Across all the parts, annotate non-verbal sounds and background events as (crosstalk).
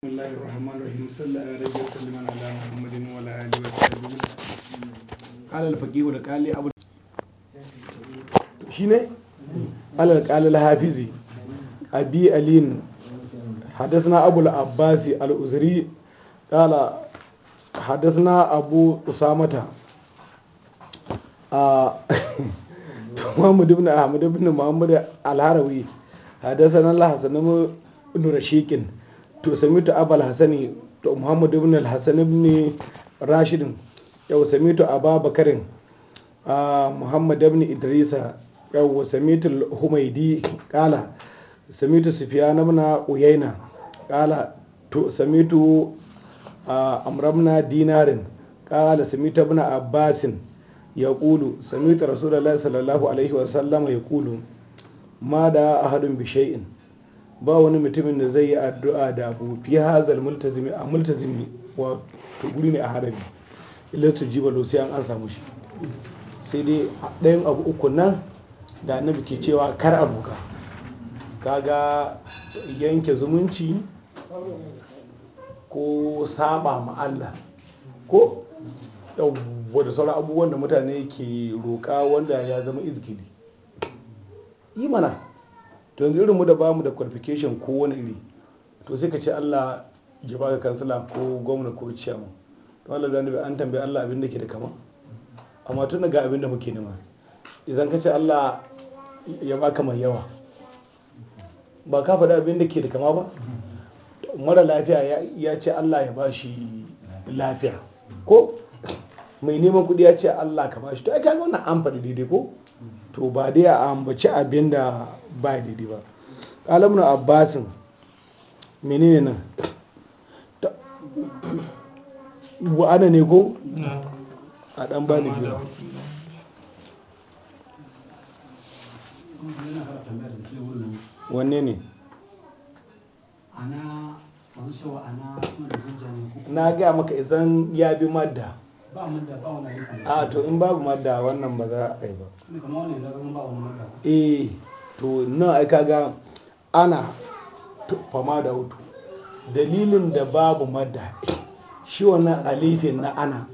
حدثنا ابو العباس الازري قال حدثنا ابو اسامه محمد بن احمد بن محمد الهروي حدثنا الله حسن بن رشيق to samitu abal hasani to muhammad ibn al hasan ibn rashidin yau samitu aba bakarin muhammad ibn idrisa yau samitu humaidi kala samitu sufyan muna uyaina kala to samitu amramna dinarin kala samitu ibn abbasin Kulu. samitu rasulullahi sallallahu alaihi ya Kulu. ma da ahadun bi shay'in ba wani mutumin da zai yi addu'a da abu fi hazal multazimi a multazimi wato guri ne a harami illa tu jiba sai an samu shi sai dai ɗayan abu uku nan da na ke cewa kar a Ka kaga yanke zumunci ko saba ma Allah ko da sauran abubuwan da mutane ke roƙa wanda ya zama izgili yi mana to yanzu irin mu da bamu da qualification ko wani iri to sai ka ce Allah ya ka kansila ko gwamna ko ciyaman to Allah da an tambaye Allah abin da ke da kama amma tun ga abin da muke nema idan ka ce Allah ya baka mai yawa ba ka faɗi abin da ke da kama ba mara lafiya ya ce Allah ya bashi lafiya ko mai neman kuɗi ya ce Allah ka bashi to ai kaga wannan an faɗi daidai ko to ba dai a ambaci abin da ba daidai ba kalamun abbasin menene nan wa'ana ne ko a dan ba ni biyu wanne ne na gaya maka izan ya bi madda a ah, to in babu madda wannan ba za a yi ba eh to nan ai kaga ana fama da hutu. dalilin da babu madda shi wannan alifin na ana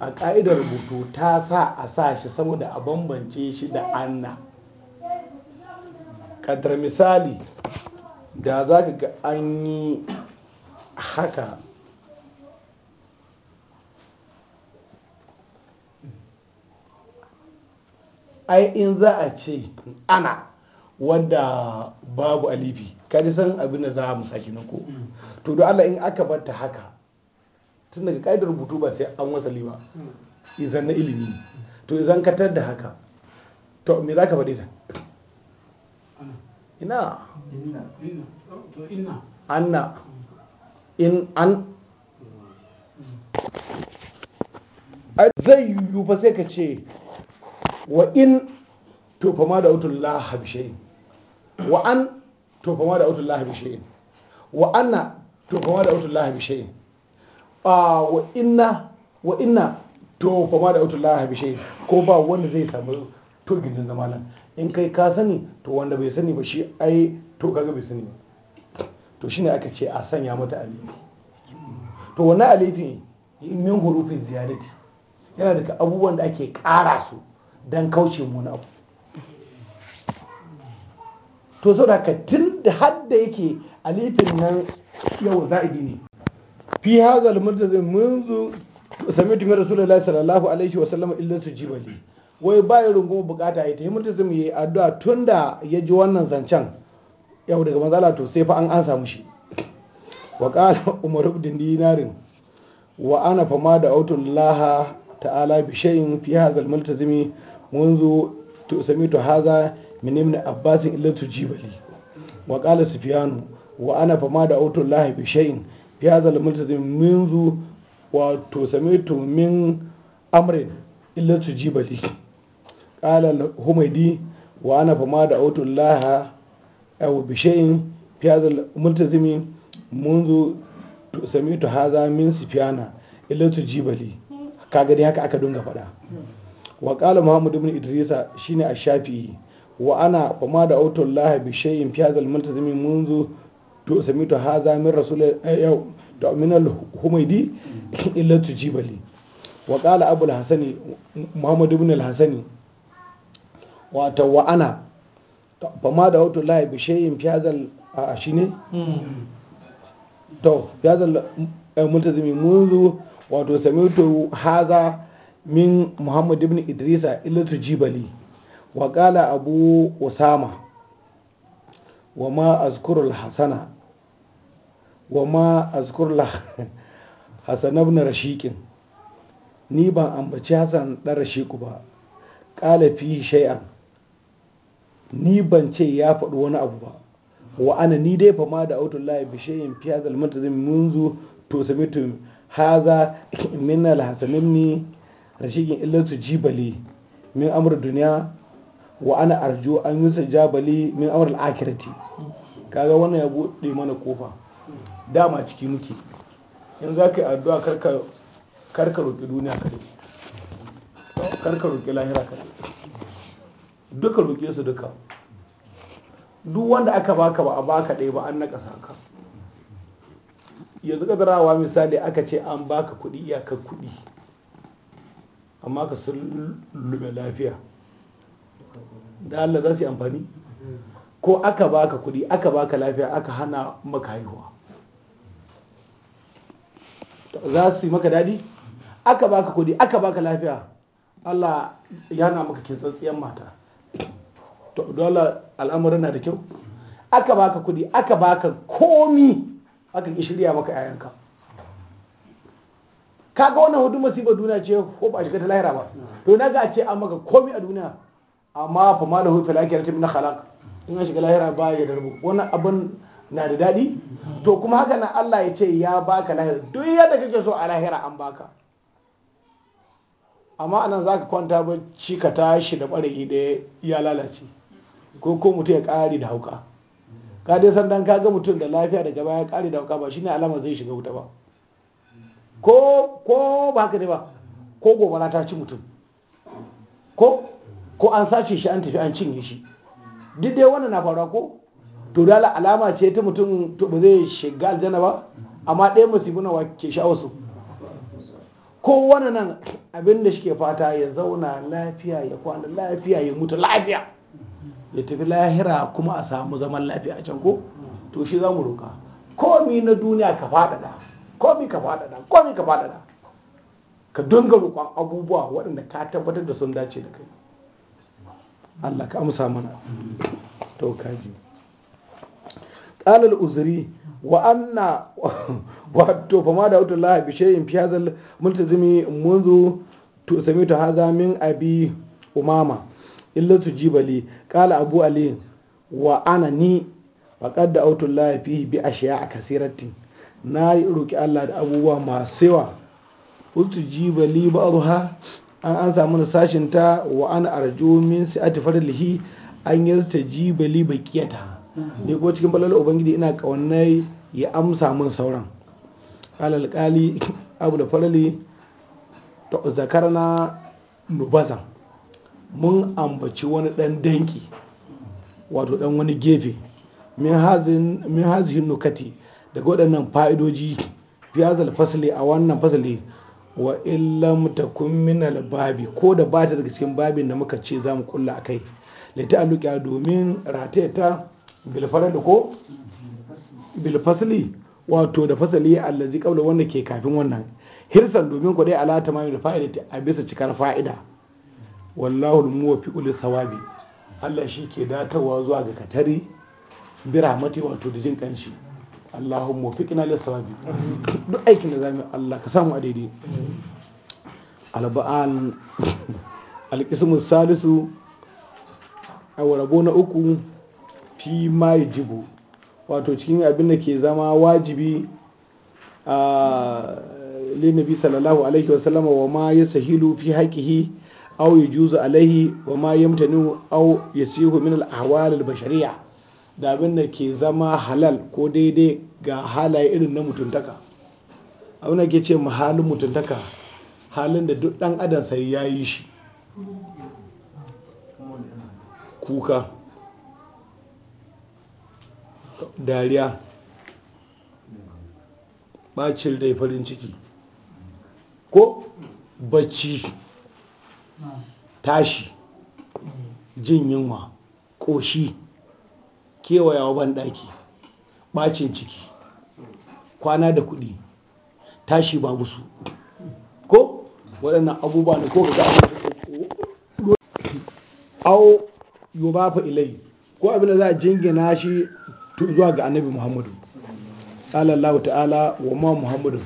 a ƙa'idar rubutu ta sa a sa shi saboda a bambance shi da anna kadar misali da za ka ga an yi haka ai in za a ce ana wadda babu alifi ka san abin da za mu saki na ko mm. to don Allah in aka bar ta haka tun daga ka'idar rubutu ba sai an wasali ba mm. izan na ilimi to izan ka tar da haka to me za ka faɗi ta ina anna in an mm. zai yiwu ba sai ka ce wa in to fama da wutun laha wa an to fama da wutun laha wa anna to fama da wutun laha bishayin wa inna wa inna to fama da wutun laha ko ba wanda zai samu to gindin zama nan in kai ka sani to wanda bai sani ba shi ai to kaga bai sani ba to shine aka ce a sanya mata alifi to wannan alifi min hurufin ziyarati yana daga abubuwan da ake kara su don kauce wani abu to zo da tun da hadda yake alifin nan yau za'idi ne fi haza almurtazi munzu samitu min rasulullahi sallallahu alaihi wa sallam su jibali wai bayan rungun bukata ya tayi murtazim yi addu'a da ya ji wannan zancen yau daga manzala to sai fa an an samu shi wa qala umar ibn dinarin wa ana fama da autullaha ta'ala bi shay'in fi hadha almultazimi munzu to sami to haza minim na abbasin illa tu jibali wa qala sufyanu wa ana fa da auto lahi bi shay'in ya to sami to min amrin illa tu jibali qala humaydi wa ana fa da auto laha aw bi munzu to sami to haza min sufyana illa tu jibali kaga dai haka aka dinga faɗa. wa kala muhammad ibn idrisa ne a shafi wa ana ba ma da autor laha bi shayin fi hazal multazimi munzu to sami to yau da wa abu wa ana ba ma da autor laha shayin fi a shi ne? Hmm. to fi hazal eh, multazimi munzu wato sami to haza min muhammad ibn idrisa ilatu jibali wa qala abu Osama. wa ma azkuru hasana wa ma azkuru (laughs) hasan ibn ni ban ambaci hasan dan rashiku ba qala fi shay'an ni ban ce ya faɗi wani abu ba wa ana ni dai fama da autun layi fiyazal fiya zalmanta zai munzu to sami haza minna alhasanin ni rashigin illatu jibali min amur duniya wa ana arju an yusa jabali min amur al'akirati kaga wannan ya buɗe mana kofa dama ciki muke in za ka yi addu'a karka roƙi duniya kare karka roƙi lahira kare duka roƙe su duka duk wanda aka baka ba a baka ɗaya ba an naƙasa ka yanzu kadarawa misali aka ce an baka kuɗi iyakar kuɗi amma ka sun lume lafiya da Allah za su yi amfani ko aka baka kudi aka baka lafiya aka hana maka haihuwa za su yi maka dadi aka baka kudi aka baka lafiya Allah ya na maka kintsantsiyar mata to dole al'amuran na da kyau aka baka kudi aka baka komi aka shirya maka 'ya'yanka kaga wannan hudu masifa duniya ce ko ba shiga ta lahira ba to na ga ce an maka komi a duniya amma fa ma lahu fil akhirati min khalaq in an shiga lahira ba ya darbu wannan abin na da daɗi to kuma haka nan Allah ya ce ya baka lahira duk yadda kake so a lahira an baka amma anan za ka kwanta bacci ka tashi da barayi ɗaya ya lalace ko ko mutum ya kare da hauka ka dai san dan ka ga mutum da lafiya da gaba ya kare da hauka ba shine alama zai shiga wuta ba ko ba ka ne ba ko gobara ta ci mutum ko an sace shi an tafi an cinye shi duk dai wannan na faruwa ko to dala alama ce ta mutum to ba zai shiga aljanna ba amma ɗaya musibu na ke wasu. ko wani nan abin da shike fata ya zauna lafiya ya kwana lafiya ya mutu lafiya ya tafi lahira kuma a samu zaman lafiya a can ko to shi za mu roka komi na duniya ka faɗaɗa komi ka faɗaɗa komi ka faɗaɗa ka dinga kwan abubuwa waɗanda ka tabbatar da sun dace da kai allah ka amsa mana to kaji ƙalal uzuri wa anna wato fama da wata lahar bishe in fiyazar multizimi mun zo sami ta haza min abi umama illa su jibali ƙala abu ali wa ana ni faƙad da autun lafi bi a shiya a kasirattin na roƙi Allah da abubuwa masu yawa utu jiba li an an samu sashin ta wa an arju min si'ati fadlihi an yarta jiba li baqiyata ne ko cikin balalar ubangiji ina kawannai ya amsa min sauran alal qali abu da farali ta zakarna nubazan mun ambaci wani dan danki wato dan wani gefe min hazihin nukati daga waɗannan fa'idoji ya hazal a wannan fasali wa illam takun min babi ko da ba ta daga cikin babin da muka ce za mu kulla a kai lita aluƙa domin rataya ta bilfarar da ko bilfasali, wato da fasali allazi kabla wanda ke kafin wannan hirsan domin ku dai alata ma da fa'ida a bisa cikar fa'ida wallahu muwaffiqu lisawabi Allah shi ke datawa zuwa ga katari bi wato da jin kanshi Allahumma fiqna lai sababi duk aikin da zamu Allah ka samu a daidai alba'an alqismu salisu a rabo na uku fi mai yajibu wato cikin abin da ke zama wajibi a linabi sallallahu alaihi wasallama wa ma yasahilu fi au yi yajuzu alaihi wa ma ya mutane au ya al ahwal al bashariyah da abin da ke zama halal ko daidai ga halaye irin na mutuntaka abin da ke ce halin mutuntaka halin da duk ɗan adam sai ya yi shi kuka dariya bacin rai farin ciki ko bacci tashi jin yunwa ƙoshi kewayawa banɗaki banɗaki, ɓacin ciki kwana da kuɗi tashi babu su ko waɗannan abubuwa ne ko ga au fa ilai ko abin da za a jingina shi zuwa ga annabi muhammadu sallallahu ta'ala wa ma muhammadu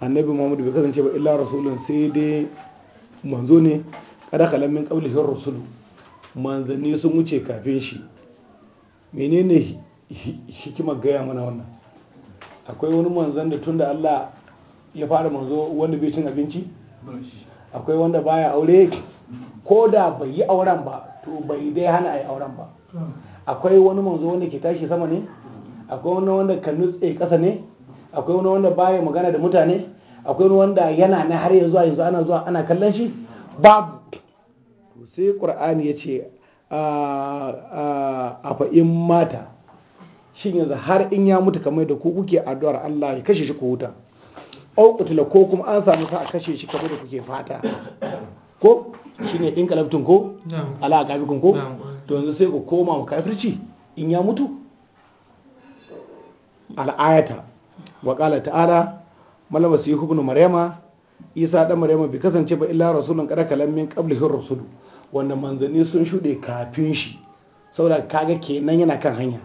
annabi muhammadu bai kasance ba illa rasulun sai dai manzo ne kada kalamin kaulihin rasulu manzanni sun wuce kafin shi menene hikimar gaya mana wannan akwai wani manzan da tun da Allah ya fara manzo wanda bai cin abinci akwai wanda baya aure ko da bai yi auren ba to bai dai hana a yi auren ba akwai wani manzo wanda ke tashi sama ne akwai wani wanda kan nutse ƙasa ne akwai wani wanda baya magana da mutane akwai wani wanda yana na har yanzu yanzu ana zuwa ana kallon shi babu sai qur'ani ya ce a fa'in mata shi yanzu har in ya mutu kamar da ku kuke addu'ar Allah ya kashe shi ko wuta au ko kuma an samu sa a kashe shi kamar da kuke fata ko shine ɗin kalabtun ko ala gabi ko to yanzu sai ku koma mu kafirci in ya mutu al'ayata wa ta'ala malama su yi marema isa ɗan marema bi kasance ba illa rasulun kada kalam min qablihi rasulu wanda manzanni sun shuɗe kafin shi saboda kaga kenan yana kan hanya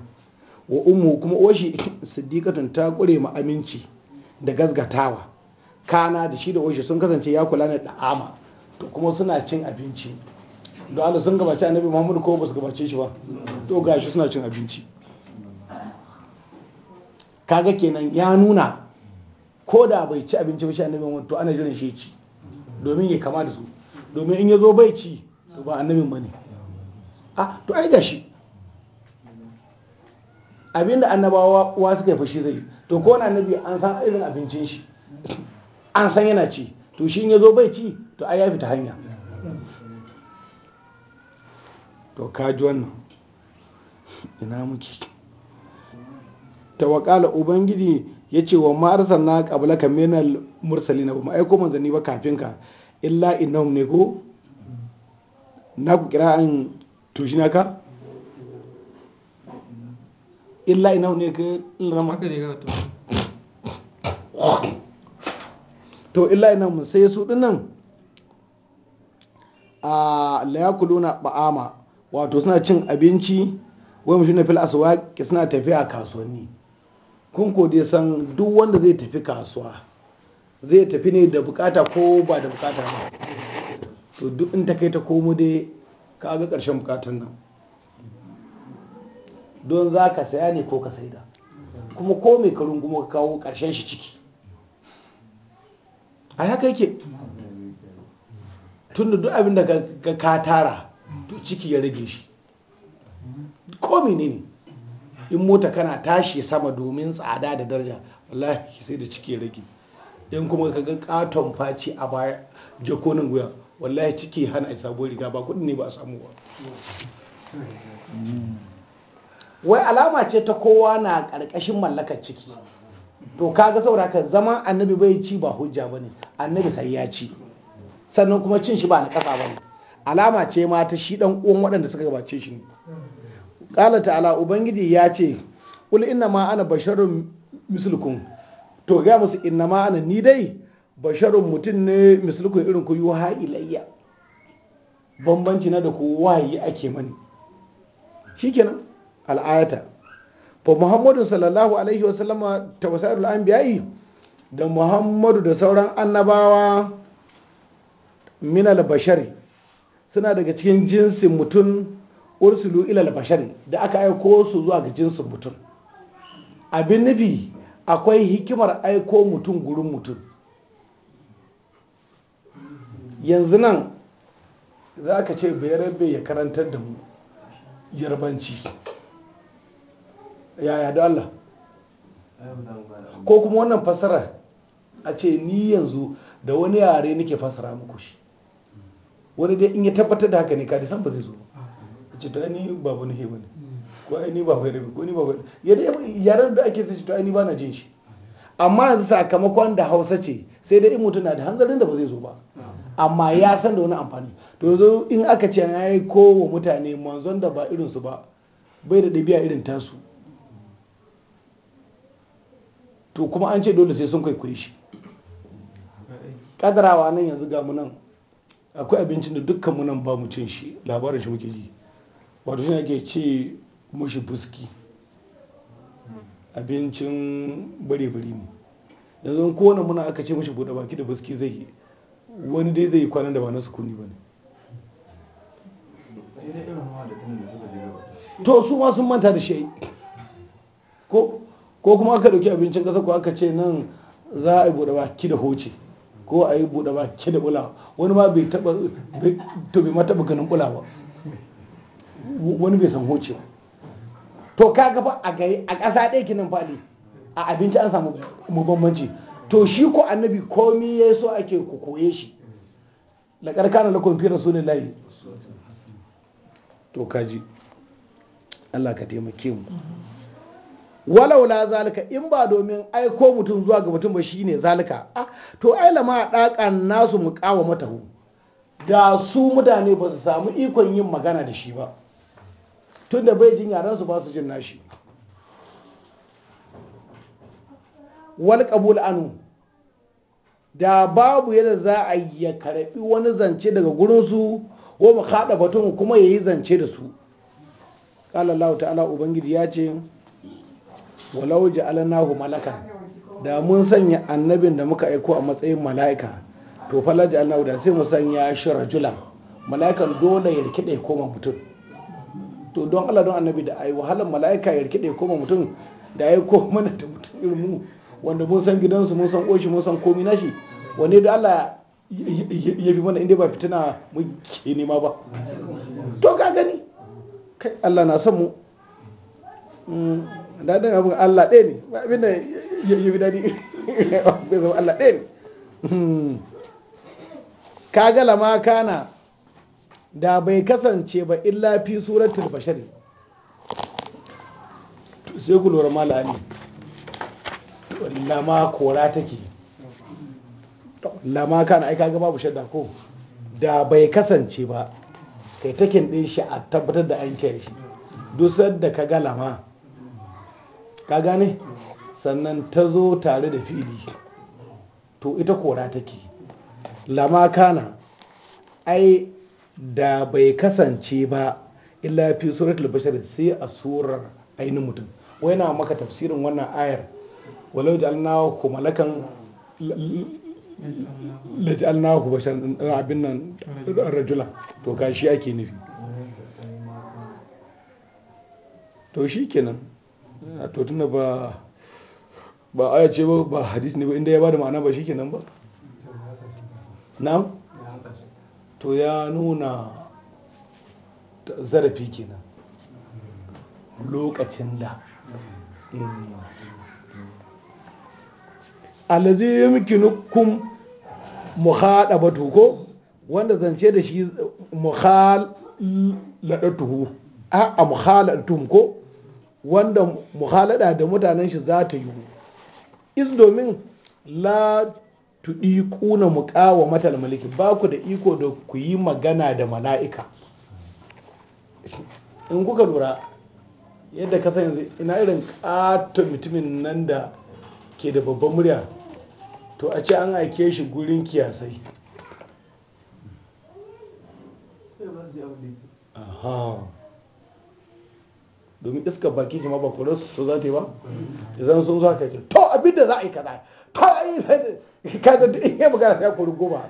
wa ummu kuma oshi (laughs) siddiqatun ta ƙure ma aminci da gazgatawa kana da shi da oshi sun kasance ya kula da da'ama to kuma suna cin abinci da Allah sun gabace annabi Muhammadu ko ba su gabace shi ba to gashi suna cin abinci kaga kenan ya nuna ko da bai ci abinci ba shi annabi Muhammadu to ana jiran shi ci domin ya kama da su domin in ya zo bai ci to ba annabin bane a to ai gashi abinda annabawa wa suka yi fashi zai to ko wani annabi an san irin abincin shi an san yana ci to shi ya zo bai ci to ai ya fita hanya to kaji wannan ina muke tawakala ubangiji ya ce wa ma'arsan na ƙabla kamenar menal mursali na ba aiko manzanni ba kafin ka illa innahum ne ko na ku kira kira'an toshi ka? illa ina ne ka rama to illa ina mu sai su dinnan a layakuluna ba'ama wato suna cin abinci wani mutum na fil suna tafiya kasuwanni kun ko san duk wanda zai tafi kasuwa zai tafi ne da bukata ko ba da bukata ba to duk in ta kai ta komo dai ka ga ƙarshen bukatun nan don za ka saya ne ko ka saida kuma ko mai karun kuma ka kawo ƙarshen shi ciki a haka yake tun da duk abin da ka tara to ciki ya rage shi ko ne ne in mota kana tashi sama domin tsada da daraja wallahi sai da ciki ya rage in kuma ka ga katon faci a baya jakonin guya wallahi ciki hana a sabuwar riga ba kudin ne ba a samu ba wai alama ce ta kowa na karkashin mallakar ciki to kaga saboda ka zama annabi bai ci ba hujja ba ne annabi sai ya ci sannan kuma cin shi ba na kasa ba alama ce ma ta shi ɗan uwan waɗanda suka gabace shi ne ta'ala ubangiji ya ce kul inna ma ana basharun mislukum to ga musu inna ma ana ni dai basharun mutum ne misalkun irin ku yi wa ilayya bambanci na da ku wayi ake mani shikenan al'ayata fa muhammadu sallallahu alaihi wasallama an biyayi da muhammadu da sauran annabawa minal bashari suna daga cikin jinsin mutum ursulu ilal bashari da aka aiko su zuwa ga jinsin mutum abin nufi akwai hikimar aiko mutum gurin mutum yanzu nan za ka ce bayarabe ya karantar da mu yarbanci yaya da Allah ko kuma wannan fasara a ce ni yanzu da wani yare nake fasara muku shi wani dai in ya tabbatar da haka ne ka san ba zai zo ba ce to ni ba wani heba ne ko ai ni ba bayarabe ko ni ba bayarabe yaren da ake ce to ni ba na jin shi amma yanzu sakamakon da hausa ce sai dai in mutum na da hanzarin da ba zai zo ba amma ya san da wani amfani to zo in aka ce ya yi kowa mutane manzon da ba irinsu ba bai da ɗabi'a irin tasu to kuma an ce dole sai sun kai shi kadarawa nan yanzu ga nan akwai abincin da dukkan mu nan ba mu cin shi labarin shi muke ji wato shi ake ce mushi buski abincin bare-bare ne yanzu kowane muna aka ce mushi buɗe baki da buski zai yi wani dai zai yi kwanan da ba na sukuni ba ne to su ma sun manta da shi ko kuma aka ɗauki abincin ƙasa ko aka ce nan za a yi buɗe baki da hoce ko a yi buɗe baki da bula wani ma bai taɓa to bai ma taɓa ganin ɓula ba wani bai san hoce ba to kaga fa a gari a ƙasa ɗaya kinan a abinci an samu bambanci to shi ko annabi komi ya so ake ku koye shi laƙar kana lakon fi layi. to kaji Allah ka taimake mu walaula zalika in ba domin aiko mutum zuwa ga mutum ba shine zalika to ai lama daƙan nasu mu kawo matahu da su mutane ba su samu ikon yin magana da shi ba tunda bai jin yaran su ba su jin nashi wal qabul anu da babu yadda za a ya karɓi wani zance daga gurinsu ko mu haɗa batun kuma ya yi zance da su allah ta'ala ubangiji ya ce walau ja'alnahu malaka da mun sanya annabin da muka aiko a matsayin mala'ika to falar annahu da sai mu sanya shi rajulan mala'ikan dole ya rike dai koma mutum to don Allah don annabi da ai wahalan mala'ika ya rike dai koma mutum da ya koma mana da mutum irin mu wanda mun san gidansu mun san oshi mun san komi nashi wanne da Allah ya fi mana inda ba fitina muke nema ba to ka gani kai Allah na san mu mm, daɗin abin Allah ɗaya ne ba abin da ya fi daɗi ya zama Allah ɗaya ne hmm. ka ga lama kana da bai kasance ba illa fi suratul bashari sai ku lura malami lama kora take lama kana ai kaga babu shadda ko da bai kasance ba kai takin din shi a tabbatar da an kai shi dusar da ka lama ka gane sannan ta zo tare da fili to ita kora take lama kana ai da bai kasance ba illa fi suratul bashar sai a surar ainihin mutum wai na maka tafsirin wannan ayar walau ja'alnahu ko malakan laj'alnahu basharan abin nan rajula to ga shi ake nufi to shi kenan to tunda ba ba aya ce ba ba hadis ne ba inda ya bada ma'ana ba shi kenan ba na'am to ya nuna zarafi kenan lokacin da alladhi yumkinukum muhadabatu ko wanda zance da shi muhaladatuhu a muhalatum ko wanda mukhalada da mutanen shi za ta yiwu is domin la tuɗi ƙuna muƙawa matal maliki, ba ku da iko da ku yi magana da mala'ika in kuka lura yadda ka yanzu ina irin ƙaton mutumin nan da ke da babban murya to a ce an aike shi gurin kiyasai domin iska baki jima ba kore su za ta yi ba idan sun zo ka ce to abinda za a yi kaza to a yi kaza duk in yi magana sai kuri goma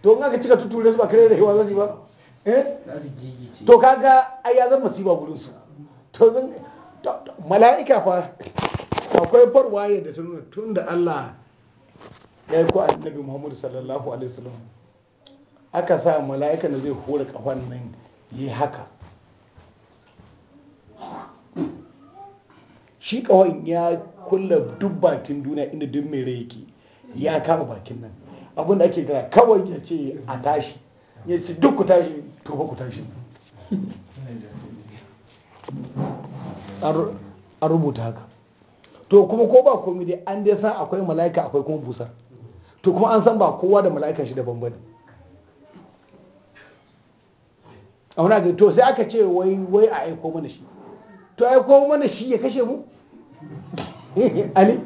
to nga ka cika tuture su ba kare da yi za su yi ba eh? to kaga ai ya zama masifa gurin su to mala'ika fa akwai farwaye da tun da Allah ya ko annabi muhammadu sallallahu alaihi wasallam aka sa mala'ika da zai hura kafan nan yi haka shi kawai ya kulla duk bakin duniya inda duk mai rai yake ya kama bakin nan abin da ake kira kawai ya ce a tashi ya ce duk ku tashi to ku tashi an rubuta haka to kuma ko ba komi dai an dai san akwai mala'ika akwai kuma busar to kuma an san ba kowa da mala'ikan shi daban bane a wani aka to sai aka ce wai wai a aiko mana shi to aiko mana shi ya kashe mu ali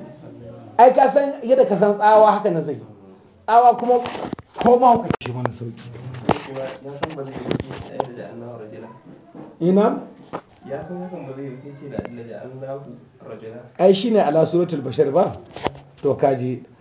ai ka san yadda ka san tsawa haka na zai tsawa kuma ko ma ku kashe mana sauki ina ya san hakan ba zai yi ce da Allah ya Allah rajula ai shine ala suratul bashar ba to kaji